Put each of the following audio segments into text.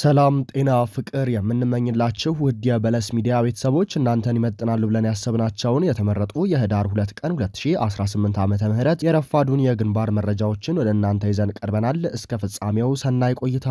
ሰላም ጤና ፍቅር የምንመኝላችሁ ውድ የበለስ ሚዲያ ቤተሰቦች እናንተን ይመጥናሉ ብለን ያሰብናቸውን የተመረጡ የህዳር 2 ቀን 2018 ዓ ም የረፋዱን የግንባር መረጃዎችን ወደ እናንተ ይዘን ቀርበናል። እስከ ፍጻሜው ሰናይ ቆይታ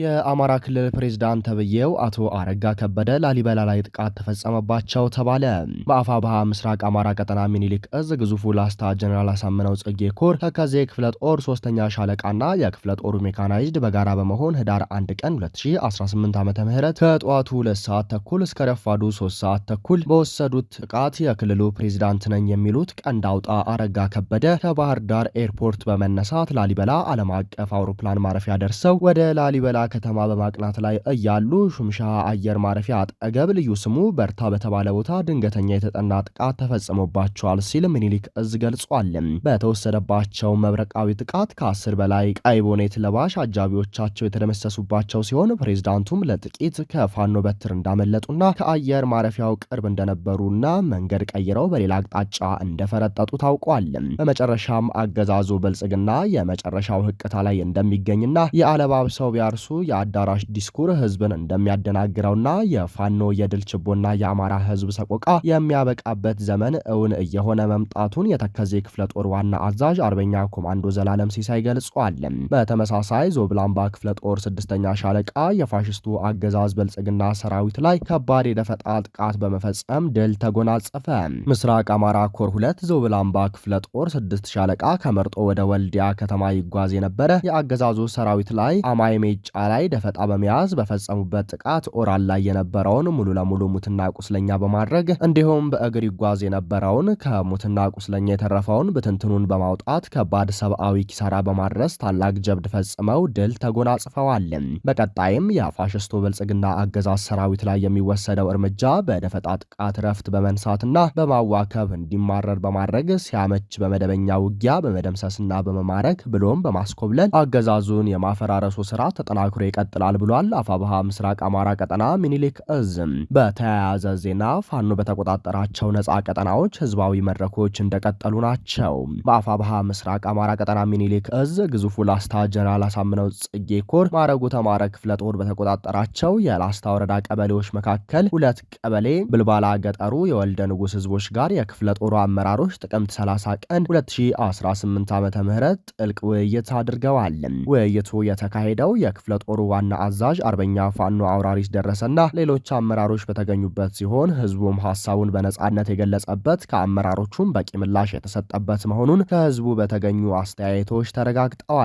የአማራ ክልል ፕሬዝዳንት ተብዬው አቶ አረጋ ከበደ ላሊበላ ላይ ጥቃት ተፈጸመባቸው ተባለ። በአፋብሃ ምስራቅ አማራ ቀጠና ሚኒሊክ እዝ ግዙፉ ላስታ ጀኔራል አሳምነው ጽጌ ኮር ከከዜ ክፍለ ጦር ሶስተኛ ሻለቃና የክፍለ ጦሩ ሜካናይዝድ በጋራ በመሆን ህዳር 1 ቀን 2018 ዓ ም ከጠዋቱ ሁለት ሰዓት ተኩል እስከ ረፋዱ ሶስት ሰዓት ተኩል በወሰዱት ጥቃት የክልሉ ፕሬዝዳንት ነኝ የሚሉት ቀንድ አውጣ አረጋ ከበደ ከባህር ዳር ኤርፖርት በመነሳት ላሊበላ ዓለም አቀፍ አውሮፕላን ማረፊያ ደርሰው ወደ ላሊበላ ከተማ በማቅናት ላይ እያሉ ሹምሻ አየር ማረፊያ አጠገብ ልዩ ስሙ በርታ በተባለ ቦታ ድንገተኛ የተጠና ጥቃት ተፈጽሞባቸዋል ሲል ምኒልክ እዝ ገልጿል። በተወሰደባቸው መብረቃዊ ጥቃት ከአስር በላይ ቀይ ቦኔት ለባሽ አጃቢዎቻቸው የተደመሰሱባቸው ሲሆን ፕሬዝዳንቱም ለጥቂት ከፋኖ በትር እንዳመለጡና ከአየር ማረፊያው ቅርብ እንደነበሩና መንገድ ቀይረው በሌላ አቅጣጫ እንደፈረጠጡ ታውቋል። በመጨረሻም አገዛዙ ብልጽግና የመጨረሻው ህቅታ ላይ እንደሚገኝና የአለባብሰው ቢያርሱ የአዳራሽ ዲስኩር ህዝብን እንደሚያደናግረውና የፋኖ የድል ችቦና የአማራ ህዝብ ሰቆቃ የሚያበቃበት ዘመን እውን እየሆነ መምጣቱን የተከዜ ክፍለ ጦር ዋና አዛዥ አርበኛ ኮማንዶ ዘላለም ሲሳይ ገልጿል። በተመሳሳይ ዞብላምባ ክፍለ ጦር ስድስተኛ ሻለቃ የፋሽስቱ አገዛዝ ብልጽግና ሰራዊት ላይ ከባድ የደፈጣ ጥቃት በመፈጸም ድል ተጎናጸፈ። ምስራቅ አማራ ኮር ሁለት ዞብላምባ ክፍለ ጦር ስድስት ሻለቃ ከመርጦ ወደ ወልዲያ ከተማ ይጓዝ የነበረ የአገዛዙ ሰራዊት ላይ አማይ ሜጫ ላይ ደፈጣ በመያዝ በፈጸሙበት ጥቃት ኦራል ላይ የነበረውን ሙሉ ለሙሉ ሙትና ቁስለኛ በማድረግ እንዲሁም በእግር ይጓዝ የነበረውን ከሙትና ቁስለኛ የተረፈውን ብትንትኑን በማውጣት ከባድ ሰብአዊ ኪሳራ በማድረስ ታላቅ ጀብድ ፈጽመው ድል ተጎናጽፈዋል። በቀጣይም የፋሽስቱ ብልጽግና አገዛዝ ሰራዊት ላይ የሚወሰደው እርምጃ በደፈጣ ጥቃት ረፍት በመንሳትና በማዋከብ እንዲማረር በማድረግ ሲያመች በመደበኛ ውጊያ በመደምሰስና በመማረክ ብሎም በማስኮብለል አገዛዙን የማፈራረሱ ስራ ተጠናቅ ተጠናክሮ ይቀጥላል ብሏል። አፋብሃ ምስራቅ አማራ ቀጠና ሚኒሊክ እዝ። በተያያዘ ዜና ፋኖ በተቆጣጠራቸው ነጻ ቀጠናዎች ህዝባዊ መድረኮች እንደቀጠሉ ናቸው። በአፋብሃ ምስራቅ አማራ ቀጠና ሚኒሊክ እዝ ግዙፉ ላስታ ጀነራል አሳምነው ጽጌ ኮር ማረጉ ተማረ ክፍለ ጦር በተቆጣጠራቸው የላስታ ወረዳ ቀበሌዎች መካከል ሁለት ቀበሌ ብልባላ ገጠሩ የወልደ ንጉስ ህዝቦች ጋር የክፍለ ጦሩ አመራሮች ጥቅምት 30 ቀን 2018 ዓ ም ጥልቅ ውይይት አድርገዋል። ውይይቱ የተካሄደው የክፍለ ጦሩ ዋና አዛዥ አርበኛ ፋኖ አውራሪስ ደረሰና ሌሎች አመራሮች በተገኙበት ሲሆን ህዝቡም ሀሳቡን በነጻነት የገለጸበት ከአመራሮቹም በቂ ምላሽ የተሰጠበት መሆኑን ከህዝቡ በተገኙ አስተያየቶች ተረጋግጠዋል።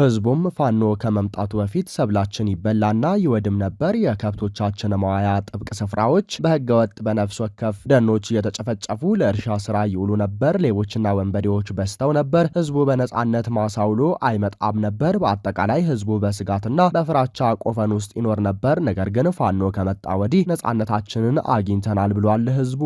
ህዝቡም ፋኖ ከመምጣቱ በፊት ሰብላችን ይበላና ይወድም ነበር፣ የከብቶቻችን መዋያ ጥብቅ ስፍራዎች በህገወጥ በነፍስ ወከፍ ደኖች እየተጨፈጨፉ ለእርሻ ስራ ይውሉ ነበር፣ ሌቦችና ወንበዴዎች በስተው ነበር፣ ህዝቡ በነጻነት ማሳውሎ አይመጣም ነበር። በአጠቃላይ ህዝቡ በስጋትና በፍራቻ ቆፈን ውስጥ ይኖር ነበር። ነገር ግን ፋኖ ከመጣ ወዲህ ነጻነታችንን አግኝተናል ብሏል ህዝቡ።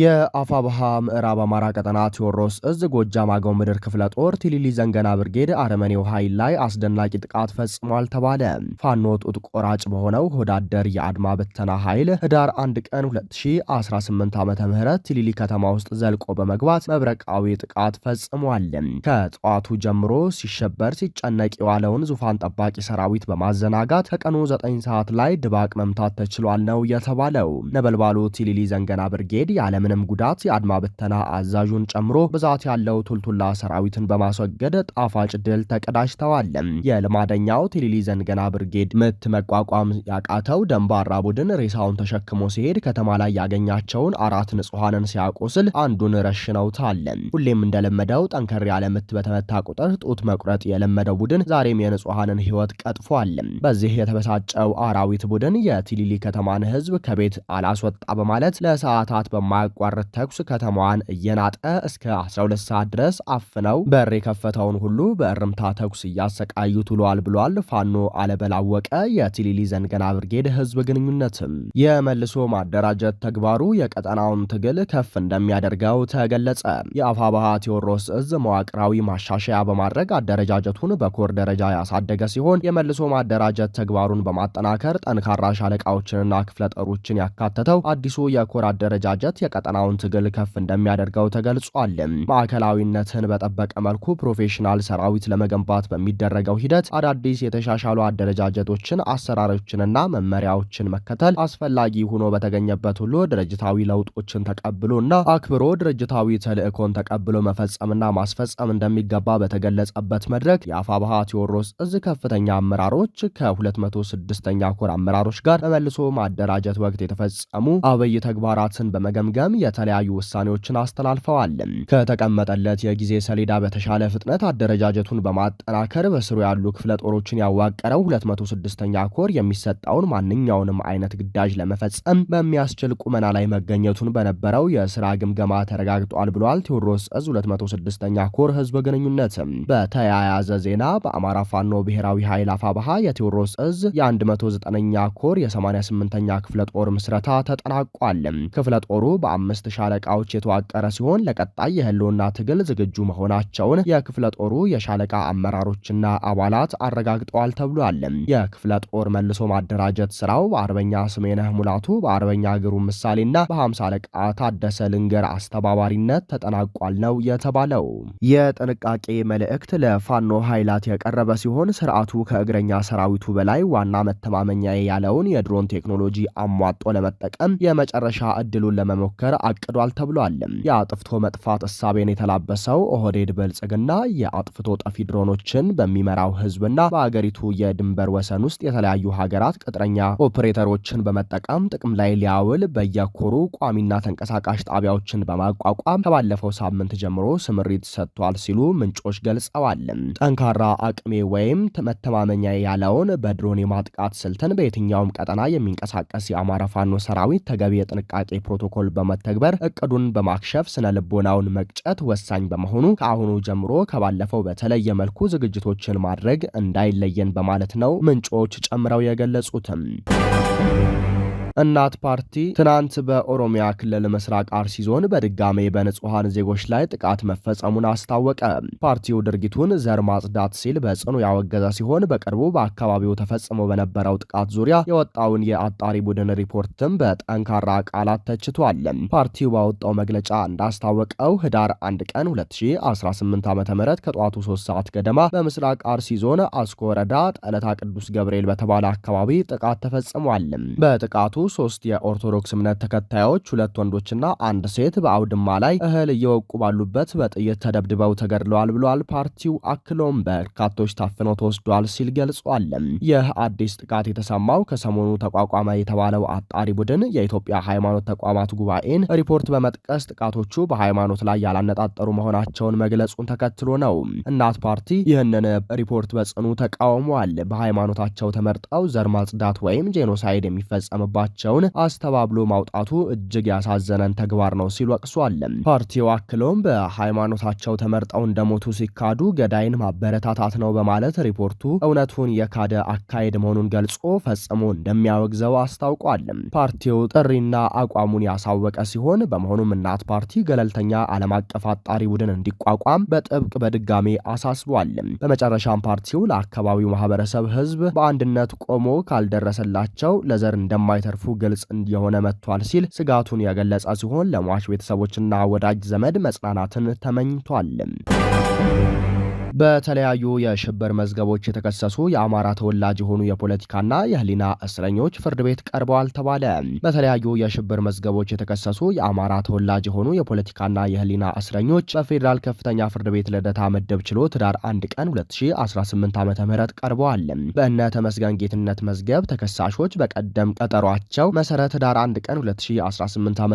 የአፋብሃ ምዕራብ አማራ ቀጠና ቴዎድሮስ እዝ ጎጃም አገው ምድር ክፍለ ጦር ቲሊሊ ዘንገና ብርጌድ አረመኔው ኃይል ላይ አስደናቂ ጥቃት ፈጽሟል ተባለ። ፋኖ ጡት ቆራጭ በሆነው ሆዳደር የአድማ ብተና ኃይል ህዳር 1 ቀን 2018 ዓ ም ቲሊሊ ከተማ ውስጥ ዘልቆ በመግባት መብረቃዊ ጥቃት ፈጽሟል። ከጠዋቱ ጀምሮ ሲሸበር ሲጨነቅ የዋለውን ዙፋን ጠባቂ ሰራዊት በማዘናጋት ከቀኑ 9 ሰዓት ላይ ድባቅ መምታት ተችሏል ነው የተባለው። ነበልባሉ ቲሊሊ ዘንገና ብርጌድ የዓለም ያለምንም ጉዳት የአድማ ብተና አዛዡን ጨምሮ ብዛት ያለው ቱልቱላ ሰራዊትን በማስወገድ ጣፋጭ ድል ተቀዳጅተዋል። የልማደኛው ቴሌሊ ዘንገና ብርጌድ ምት መቋቋም ያቃተው ደንባራ ቡድን ሬሳውን ተሸክሞ ሲሄድ ከተማ ላይ ያገኛቸውን አራት ንጹሐንን ሲያቆስል አንዱን ረሽነውታል። ሁሌም እንደለመደው ጠንከር ያለ ምት በተመታ ቁጥር ጡት መቁረጥ የለመደው ቡድን ዛሬም የንጹሐንን ህይወት ቀጥፏል። በዚህ የተበሳጨው አራዊት ቡድን የቲሊሊ ከተማን ህዝብ ከቤት አላስወጣ በማለት ለሰዓታት በማያ የማያቋርጥ ተኩስ ከተማዋን እየናጠ እስከ 12 ሰዓት ድረስ አፍነው በር የከፈተውን ሁሉ በእርምታ ተኩስ እያሰቃዩት ውለዋል ብሏል። ፋኖ አለበላወቀ የቲሊሊ ዘንገና ብርጌድ ህዝብ ግንኙነትም የመልሶ ማደራጀት ተግባሩ የቀጠናውን ትግል ከፍ እንደሚያደርገው ተገለጸ። የአፋባሃ ቴዎድሮስ እዝ መዋቅራዊ ማሻሻያ በማድረግ አደረጃጀቱን በኮር ደረጃ ያሳደገ ሲሆን የመልሶ ማደራጀት ተግባሩን በማጠናከር ጠንካራ ሻለቃዎችንና ክፍለ ጦሮችን ያካተተው አዲሱ የኮር አደረጃጀት የቀጠናውን ትግል ከፍ እንደሚያደርገው ተገልጿል። ማዕከላዊነትን በጠበቀ መልኩ ፕሮፌሽናል ሰራዊት ለመገንባት በሚደረገው ሂደት አዳዲስ የተሻሻሉ አደረጃጀቶችን፣ አሰራሮችንና መመሪያዎችን መከተል አስፈላጊ ሆኖ በተገኘበት ሁሉ ድርጅታዊ ለውጦችን ተቀብሎና አክብሮ ድርጅታዊ ተልእኮን ተቀብሎ መፈጸምና ማስፈጸም እንደሚገባ በተገለጸበት መድረክ የአፋብሃ ቴዎድሮስ እዝ ከፍተኛ አመራሮች ከ206ኛ ኮር አመራሮች ጋር በመልሶ ማደራጀት ወቅት የተፈጸሙ አበይ ተግባራትን በመገምገም በመጠቀም የተለያዩ ውሳኔዎችን አስተላልፈዋል። ከተቀመጠለት የጊዜ ሰሌዳ በተሻለ ፍጥነት አደረጃጀቱን በማጠናከር በስሩ ያሉ ክፍለ ጦሮችን ያዋቀረው 206ኛ ኮር የሚሰጣውን ማንኛውንም አይነት ግዳጅ ለመፈጸም በሚያስችል ቁመና ላይ መገኘቱን በነበረው የስራ ግምገማ ተረጋግጧል ብሏል። ቴዎድሮስ እዝ 206ኛ ኮር ህዝብ ግንኙነት። በተያያዘ ዜና በአማራ ፋኖ ብሔራዊ ኃይል አፋብሃ የቴዎድሮስ እዝ የ109ኛ ኮር የ88ኛ ክፍለ ጦር ምስረታ ተጠናቋል። ክፍለ ጦሩ በ አምስት ሻለቃዎች የተዋቀረ ሲሆን ለቀጣይ የህልውና ትግል ዝግጁ መሆናቸውን የክፍለ ጦሩ የሻለቃ አመራሮችና አባላት አረጋግጠዋል ተብሏል። የክፍለ ጦር መልሶ ማደራጀት ስራው በአርበኛ ስሜነህ ሙላቱ፣ በአርበኛ ግሩም ምሳሌና በሀምሳ አለቃ ታደሰ ልንገር አስተባባሪነት ተጠናቋል ነው የተባለው። የጥንቃቄ መልእክት ለፋኖ ኃይላት የቀረበ ሲሆን ስርዓቱ ከእግረኛ ሰራዊቱ በላይ ዋና መተማመኛ ያለውን የድሮን ቴክኖሎጂ አሟጦ ለመጠቀም የመጨረሻ እድሉን ለመሞከር ለማጠናከር አቅዷል ተብሏል። የአጥፍቶ መጥፋት እሳቤን የተላበሰው ኦህዴድ ብልጽግና የአጥፍቶ ጠፊ ድሮኖችን በሚመራው ህዝብና በአገሪቱ የድንበር ወሰን ውስጥ የተለያዩ ሀገራት ቅጥረኛ ኦፕሬተሮችን በመጠቀም ጥቅም ላይ ሊያውል በየኮሩ ቋሚና ተንቀሳቃሽ ጣቢያዎችን በማቋቋም ከባለፈው ሳምንት ጀምሮ ስምሪት ሰጥቷል ሲሉ ምንጮች ገልጸዋል። ጠንካራ አቅሜ ወይም መተማመኛ ያለውን በድሮን የማጥቃት ስልትን በየትኛውም ቀጠና የሚንቀሳቀስ የአማራ ፋኖ ሰራዊት ተገቢ የጥንቃቄ ፕሮቶኮል በመ መተግበር እቅዱን በማክሸፍ ስነ ልቦናውን መቅጨት ወሳኝ በመሆኑ ከአሁኑ ጀምሮ ከባለፈው በተለየ መልኩ ዝግጅቶችን ማድረግ እንዳይለየን በማለት ነው ምንጮች ጨምረው የገለጹትም። እናት ፓርቲ ትናንት በኦሮሚያ ክልል ምስራቅ አርሲ ዞን በድጋሜ በንጹሐን ዜጎች ላይ ጥቃት መፈጸሙን አስታወቀ። ፓርቲው ድርጊቱን ዘር ማጽዳት ሲል በጽኑ ያወገዘ ሲሆን በቅርቡ በአካባቢው ተፈጽሞ በነበረው ጥቃት ዙሪያ የወጣውን የአጣሪ ቡድን ሪፖርትም በጠንካራ ቃላት ተችቷል። ፓርቲው ባወጣው መግለጫ እንዳስታወቀው ህዳር 1 ቀን 2018 ዓ ም ከጠዋቱ 3 ሰዓት ገደማ በምስራቅ አርሲ ዞን አስኮ ወረዳ ጠለታ ቅዱስ ገብርኤል በተባለ አካባቢ ጥቃት ተፈጽሟል። በጥቃቱ ሶስት የኦርቶዶክስ እምነት ተከታዮች ሁለት ወንዶችና አንድ ሴት በአውድማ ላይ እህል እየወቁ ባሉበት በጥይት ተደብድበው ተገድለዋል ብለዋል። ፓርቲው አክሎም በርካቶች ታፍነው ተወስዷል ሲል ገልጿል። ይህ አዲስ ጥቃት የተሰማው ከሰሞኑ ተቋቋመ የተባለው አጣሪ ቡድን የኢትዮጵያ ሃይማኖት ተቋማት ጉባኤን ሪፖርት በመጥቀስ ጥቃቶቹ በሃይማኖት ላይ ያላነጣጠሩ መሆናቸውን መግለጹን ተከትሎ ነው። እናት ፓርቲ ይህንን ሪፖርት በጽኑ ተቃውሟል። በሃይማኖታቸው ተመርጠው ዘር ማጽዳት ወይም ጄኖሳይድ የሚፈጸምባቸው መሆናቸውን አስተባብሎ ማውጣቱ እጅግ ያሳዘነን ተግባር ነው ሲሉ ወቅሷል። ፓርቲው አክለውም በሃይማኖታቸው ተመርጠው እንደሞቱ ሲካዱ ገዳይን ማበረታታት ነው በማለት ሪፖርቱ እውነቱን የካደ አካሄድ መሆኑን ገልጾ ፈጽሞ እንደሚያወግዘው አስታውቋል። ፓርቲው ጥሪና አቋሙን ያሳወቀ ሲሆን በመሆኑም እናት ፓርቲ ገለልተኛ ዓለም አቀፍ አጣሪ ቡድን እንዲቋቋም በጥብቅ በድጋሜ አሳስቧል። በመጨረሻም ፓርቲው ለአካባቢው ማህበረሰብ ህዝብ በአንድነት ቆሞ ካልደረሰላቸው ለዘር እንደማይተርፉ ግልጽ እንዲሆነ መጥቷል ሲል ስጋቱን የገለጸ ሲሆን ለሟች ቤተሰቦችና ወዳጅ ዘመድ መጽናናትን ተመኝቷል። በተለያዩ የሽብር መዝገቦች የተከሰሱ የአማራ ተወላጅ የሆኑ የፖለቲካና የህሊና እስረኞች ፍርድ ቤት ቀርበዋል ተባለ። በተለያዩ የሽብር መዝገቦች የተከሰሱ የአማራ ተወላጅ የሆኑ የፖለቲካና የህሊና እስረኞች በፌዴራል ከፍተኛ ፍርድ ቤት ልደታ መደብ ችሎት ህዳር 1 ቀን 2018 ዓ ም ቀርበዋል። በእነ ተመስገን ጌትነት መዝገብ ተከሳሾች በቀደም ቀጠሯቸው መሰረት ህዳር 1 ቀን 2018 ዓ ም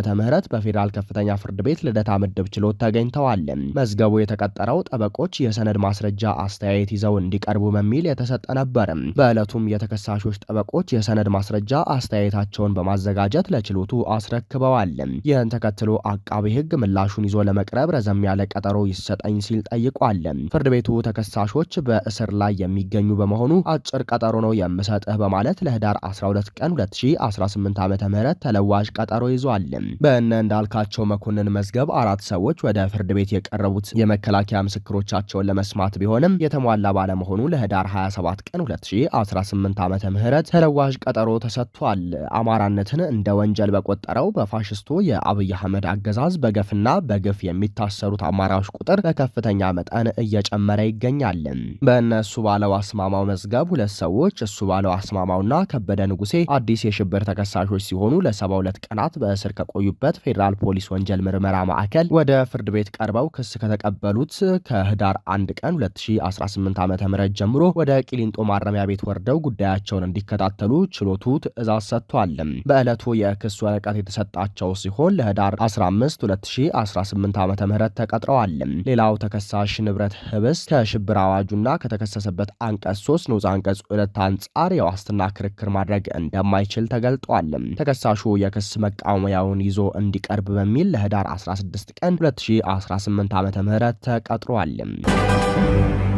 በፌዴራል ከፍተኛ ፍርድ ቤት ልደታ መደብ ችሎት ተገኝተዋል። መዝገቡ የተቀጠረው ጠበቆች የሰነድ የማስረጃ አስተያየት ይዘው እንዲቀርቡ በሚል የተሰጠ ነበር። በዕለቱም የተከሳሾች ጠበቆች የሰነድ ማስረጃ አስተያየታቸውን በማዘጋጀት ለችሎቱ አስረክበዋል። ይህን ተከትሎ አቃቤ ሕግ ምላሹን ይዞ ለመቅረብ ረዘም ያለ ቀጠሮ ይሰጠኝ ሲል ጠይቋል። ፍርድ ቤቱ ተከሳሾች በእስር ላይ የሚገኙ በመሆኑ አጭር ቀጠሮ ነው የምሰጥህ በማለት ለህዳር 12 ቀን 2018 ዓ ም ተለዋጭ ቀጠሮ ይዟል። በእነ እንዳልካቸው መኮንን መዝገብ አራት ሰዎች ወደ ፍርድ ቤት የቀረቡት የመከላከያ ምስክሮቻቸውን ለመስማ መስማት ቢሆንም የተሟላ ባለመሆኑ ለህዳር 27 ቀን 2018 ዓ ምህረት ተለዋዥ ቀጠሮ ተሰጥቷል። አማራነትን እንደ ወንጀል በቆጠረው በፋሽስቱ የአብይ አህመድ አገዛዝ በገፍና በግፍ የሚታሰሩት አማራዎች ቁጥር በከፍተኛ መጠን እየጨመረ ይገኛል። በእነሱ ባለው አስማማው መዝገብ ሁለት ሰዎች እሱ ባለው አስማማውና ከበደ ንጉሴ አዲስ የሽብር ተከሳሾች ሲሆኑ ለሰባሁለት ቀናት በእስር ከቆዩበት ፌዴራል ፖሊስ ወንጀል ምርመራ ማዕከል ወደ ፍርድ ቤት ቀርበው ክስ ከተቀበሉት ከህዳር 1 ቀን ቀን 2018 ዓ ም ጀምሮ ወደ ቂሊንጦ ማረሚያ ቤት ወርደው ጉዳያቸውን እንዲከታተሉ ችሎቱ ትዕዛዝ ሰጥቷል። በዕለቱ የክስ ወረቀት የተሰጣቸው ሲሆን ለህዳር 15 2018 ዓ ም ተቀጥረዋል። ሌላው ተከሳሽ ንብረት ህብስ ከሽብር አዋጁና ከተከሰሰበት አንቀጽ 3 ንዑስ አንቀጽ ሁለት አንጻር የዋስትና ክርክር ማድረግ እንደማይችል ተገልጧል። ተከሳሹ የክስ መቃወሚያውን ይዞ እንዲቀርብ በሚል ለህዳር 16 ቀን 2018 ዓ ም ተቀጥሯል። Thank you.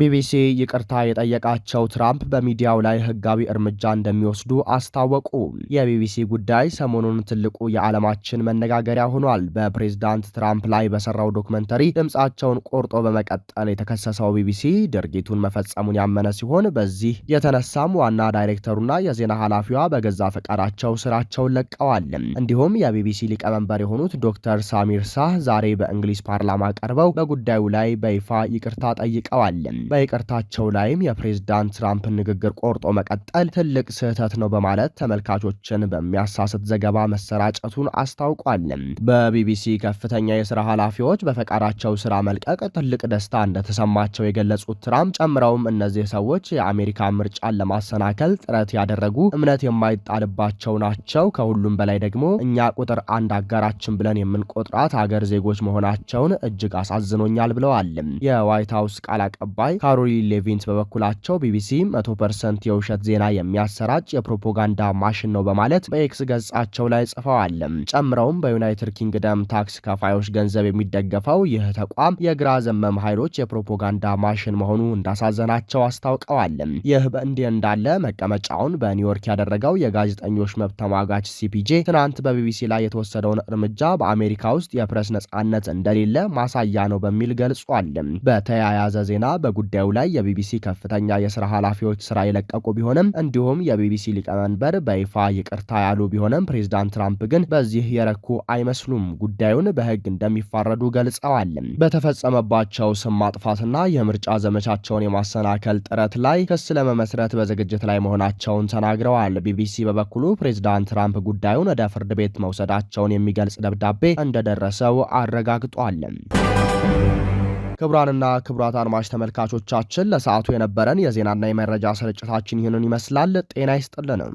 ቢቢሲ ይቅርታ የጠየቃቸው ትራምፕ በሚዲያው ላይ ህጋዊ እርምጃ እንደሚወስዱ አስታወቁ። የቢቢሲ ጉዳይ ሰሞኑን ትልቁ የዓለማችን መነጋገሪያ ሆኗል። በፕሬዝዳንት ትራምፕ ላይ በሰራው ዶክመንተሪ ድምፃቸውን ቆርጦ በመቀጠል የተከሰሰው ቢቢሲ ድርጊቱን መፈጸሙን ያመነ ሲሆን በዚህ የተነሳም ዋና ዳይሬክተሩና የዜና ኃላፊዋ በገዛ ፈቃዳቸው ስራቸውን ለቀዋል። እንዲሁም የቢቢሲ ሊቀመንበር የሆኑት ዶክተር ሳሚር ሳህ ዛሬ በእንግሊዝ ፓርላማ ቀርበው በጉዳዩ ላይ በይፋ ይቅርታ ጠይቀዋል። በይቅርታቸው ላይም የፕሬዝዳንት ትራምፕን ንግግር ቆርጦ መቀጠል ትልቅ ስህተት ነው በማለት ተመልካቾችን በሚያሳስት ዘገባ መሰራጨቱን አስታውቋል። በቢቢሲ ከፍተኛ የስራ ኃላፊዎች በፈቃዳቸው ስራ መልቀቅ ትልቅ ደስታ እንደተሰማቸው የገለጹት ትራምፕ ጨምረውም እነዚህ ሰዎች የአሜሪካ ምርጫን ለማሰናከል ጥረት ያደረጉ እምነት የማይጣልባቸው ናቸው። ከሁሉም በላይ ደግሞ እኛ ቁጥር አንድ አጋራችን ብለን የምንቆጥራት አገር ዜጎች መሆናቸውን እጅግ አሳዝኖኛል ብለዋል። የዋይት ሀውስ ቃል አቀባይ ካሮሊ ሌቪንስ በበኩላቸው ቢቢሲ መቶ ፐርሰንት የውሸት ዜና የሚያሰራጭ የፕሮፓጋንዳ ማሽን ነው በማለት በኤክስ ገጻቸው ላይ ጽፈዋል። ጨምረውም በዩናይትድ ኪንግደም ታክስ ከፋዮች ገንዘብ የሚደገፈው ይህ ተቋም የግራ ዘመም ኃይሎች የፕሮፓጋንዳ ማሽን መሆኑ እንዳሳዘናቸው አስታውቀዋል። ይህ በእንዲህ እንዳለ መቀመጫውን በኒውዮርክ ያደረገው የጋዜጠኞች መብት ተሟጋች ሲፒጄ ትናንት በቢቢሲ ላይ የተወሰደውን እርምጃ በአሜሪካ ውስጥ የፕሬስ ነጻነት እንደሌለ ማሳያ ነው በሚል ገልጿል። በተያያዘ ዜና በ በጉዳዩ ላይ የቢቢሲ ከፍተኛ የስራ ኃላፊዎች ስራ የለቀቁ ቢሆንም እንዲሁም የቢቢሲ ሊቀመንበር በይፋ ይቅርታ ያሉ ቢሆንም ፕሬዚዳንት ትራምፕ ግን በዚህ የረኩ አይመስሉም። ጉዳዩን በህግ እንደሚፋረዱ ገልጸዋል። በተፈጸመባቸው ስም ማጥፋትና የምርጫ ዘመቻቸውን የማሰናከል ጥረት ላይ ክስ ለመመስረት በዝግጅት ላይ መሆናቸውን ተናግረዋል። ቢቢሲ በበኩሉ ፕሬዚዳንት ትራምፕ ጉዳዩን ወደ ፍርድ ቤት መውሰዳቸውን የሚገልጽ ደብዳቤ እንደደረሰው አረጋግጧል። ክቡራንና ክቡራት አድማጭ ተመልካቾቻችን ለሰዓቱ የነበረን የዜናና የመረጃ ስርጭታችን ይህንን ይመስላል። ጤና ይስጥልንም።